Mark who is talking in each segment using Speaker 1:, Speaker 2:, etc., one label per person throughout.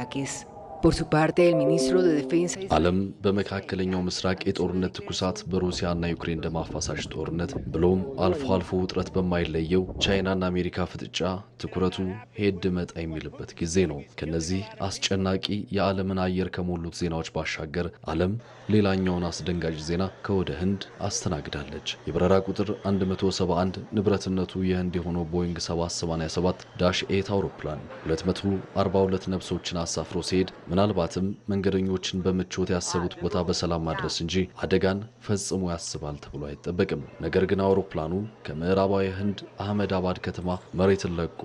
Speaker 1: ataques Por su parte, el ministro de Defensa
Speaker 2: ዓለም በመካከለኛው ምስራቅ የጦርነት ትኩሳት በሩሲያና ዩክሬን ደም አፋሳሽ ጦርነት ብሎም አልፎ አልፎ ውጥረት በማይለየው ቻይናና አሜሪካ ፍጥጫ ትኩረቱ ሄድ መጣ የሚልበት ጊዜ ነው። ከነዚህ አስጨናቂ የዓለምን አየር ከሞሉት ዜናዎች ባሻገር ዓለም ሌላኛውን አስደንጋጭ ዜና ከወደ ህንድ አስተናግዳለች። የበረራ ቁጥር 171 ንብረትነቱ የህንድ የሆነው ቦይንግ 787 ዳሽ ኤት አውሮፕላን 242 ነፍሶችን አሳፍሮ ሲሄድ ምናልባትም መንገደኞችን በምቾት ያሰቡት ቦታ በሰላም ማድረስ እንጂ አደጋን ፈጽሞ ያስባል ተብሎ አይጠበቅም። ነገር ግን አውሮፕላኑ ከምዕራባዊ ህንድ አህመድ አባድ ከተማ መሬትን ለቆ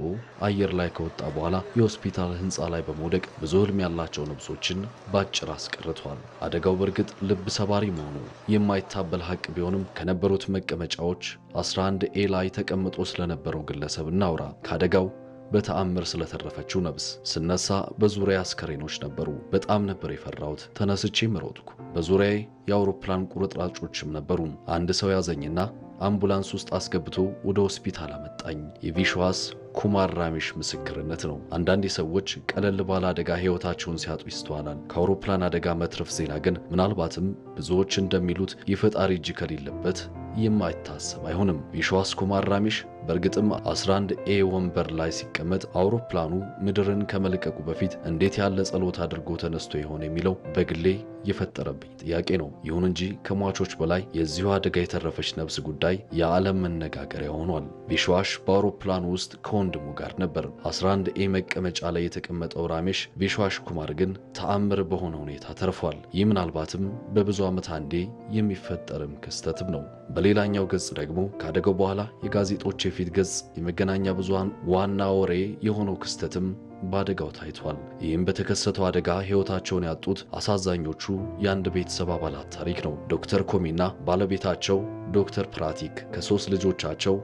Speaker 2: አየር ላይ ከወጣ በኋላ የሆስፒታል ህንፃ ላይ በመውደቅ ብዙ ህልም ያላቸው ነብሶችን ባጭር አስቀርቷል። አደጋው በእርግጥ ልብ ሰባሪ መሆኑ የማይታበል ሀቅ ቢሆንም ከነበሩት መቀመጫዎች 11 ኤ ላይ ተቀምጦ ስለነበረው ግለሰብ እናውራ። ከአደጋው በተአምር ስለተረፈችው ነብስ። ስነሳ በዙሪያ አስከሬኖች ነበሩ። በጣም ነበር የፈራሁት። ተነስቼ ሮጥኩ። በዙሪያዬ የአውሮፕላን ቁርጥራጮችም ነበሩ። አንድ ሰው ያዘኝና አምቡላንስ ውስጥ አስገብቶ ወደ ሆስፒታል አመጣኝ። የቪሽዋስ ኩማር ራሚሽ ምስክርነት ነው። አንዳንዴ ሰዎች ቀለል ባለ አደጋ ሕይወታቸውን ሲያጡ ይስተዋላል። ከአውሮፕላን አደጋ መትረፍ ዜና ግን ምናልባትም ብዙዎች እንደሚሉት የፈጣሪ እጅ ከሌለበት የማይታሰብ አይሆንም። ቪሽዋስ ኩማር ራሚሽ በእርግጥም 11 ኤ ወንበር ላይ ሲቀመጥ አውሮፕላኑ ምድርን ከመልቀቁ በፊት እንዴት ያለ ጸሎት አድርጎ ተነስቶ ይሆን የሚለው በግሌ የፈጠረብኝ ጥያቄ ነው። ይሁን እንጂ ከሟቾች በላይ የዚሁ አደጋ የተረፈች ነፍስ ጉዳይ የዓለም መነጋገሪያ ሆኗል። ቪሽዋሽ በአውሮፕላን ውስጥ ከወንድሙ ጋር ነበር። 11 ኤ መቀመጫ ላይ የተቀመጠው ራሜሽ ቪሽዋሽ ኩማር ግን ተአምር በሆነ ሁኔታ ተርፏል። ይህ ምናልባትም በብዙ ዓመት አንዴ የሚፈጠርም ክስተትም ነው። በሌላኛው ገጽ ደግሞ ካደገው በኋላ የጋዜጦች የፊት ገጽ የመገናኛ ብዙሃን ዋና ወሬ የሆነው ክስተትም በአደጋው ታይቷል። ይህም በተከሰተው አደጋ ሕይወታቸውን ያጡት አሳዛኞቹ የአንድ ቤተሰብ አባላት ታሪክ ነው። ዶክተር ኮሚና ባለቤታቸው ዶክተር ፕራቲክ ከሦስት ልጆቻቸው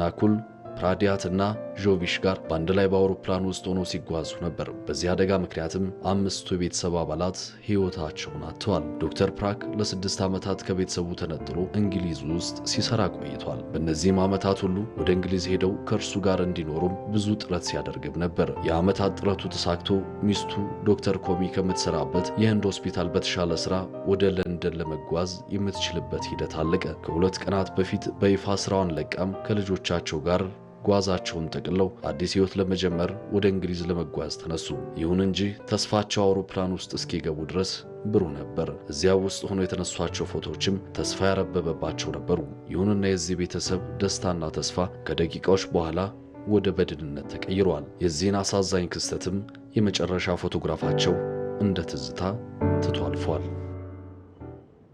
Speaker 2: ናኩል፣ ፕራዲያት እና ዦቪሽ ጋር በአንድ ላይ በአውሮፕላን ውስጥ ሆነው ሲጓዙ ነበር። በዚህ አደጋ ምክንያትም አምስቱ የቤተሰብ አባላት ሕይወታቸውን አጥተዋል። ዶክተር ፕራክ ለስድስት ዓመታት ከቤተሰቡ ተነጥሎ እንግሊዝ ውስጥ ሲሰራ ቆይቷል። በእነዚህም ዓመታት ሁሉ ወደ እንግሊዝ ሄደው ከእርሱ ጋር እንዲኖሩም ብዙ ጥረት ሲያደርግም ነበር። የዓመታት ጥረቱ ተሳክቶ ሚስቱ ዶክተር ኮሚ ከምትሰራበት የህንድ ሆስፒታል በተሻለ ስራ ወደ ለንደን ለመጓዝ የምትችልበት ሂደት አለቀ። ከሁለት ቀናት በፊት በይፋ ስራዋን ለቃም ከልጆቻቸው ጋር ጓዛቸውን ጠቅለው አዲስ ሕይወት ለመጀመር ወደ እንግሊዝ ለመጓዝ ተነሱ። ይሁን እንጂ ተስፋቸው አውሮፕላን ውስጥ እስኪገቡ ድረስ ብሩህ ነበር። እዚያ ውስጥ ሆኖ የተነሷቸው ፎቶዎችም ተስፋ ያረበበባቸው ነበሩ። ይሁንና የዚህ ቤተሰብ ደስታና ተስፋ ከደቂቃዎች በኋላ ወደ በድንነት ተቀይሯል። የዚህን አሳዛኝ ክስተትም የመጨረሻ ፎቶግራፋቸው እንደ ትዝታ ትቶ አልፏል።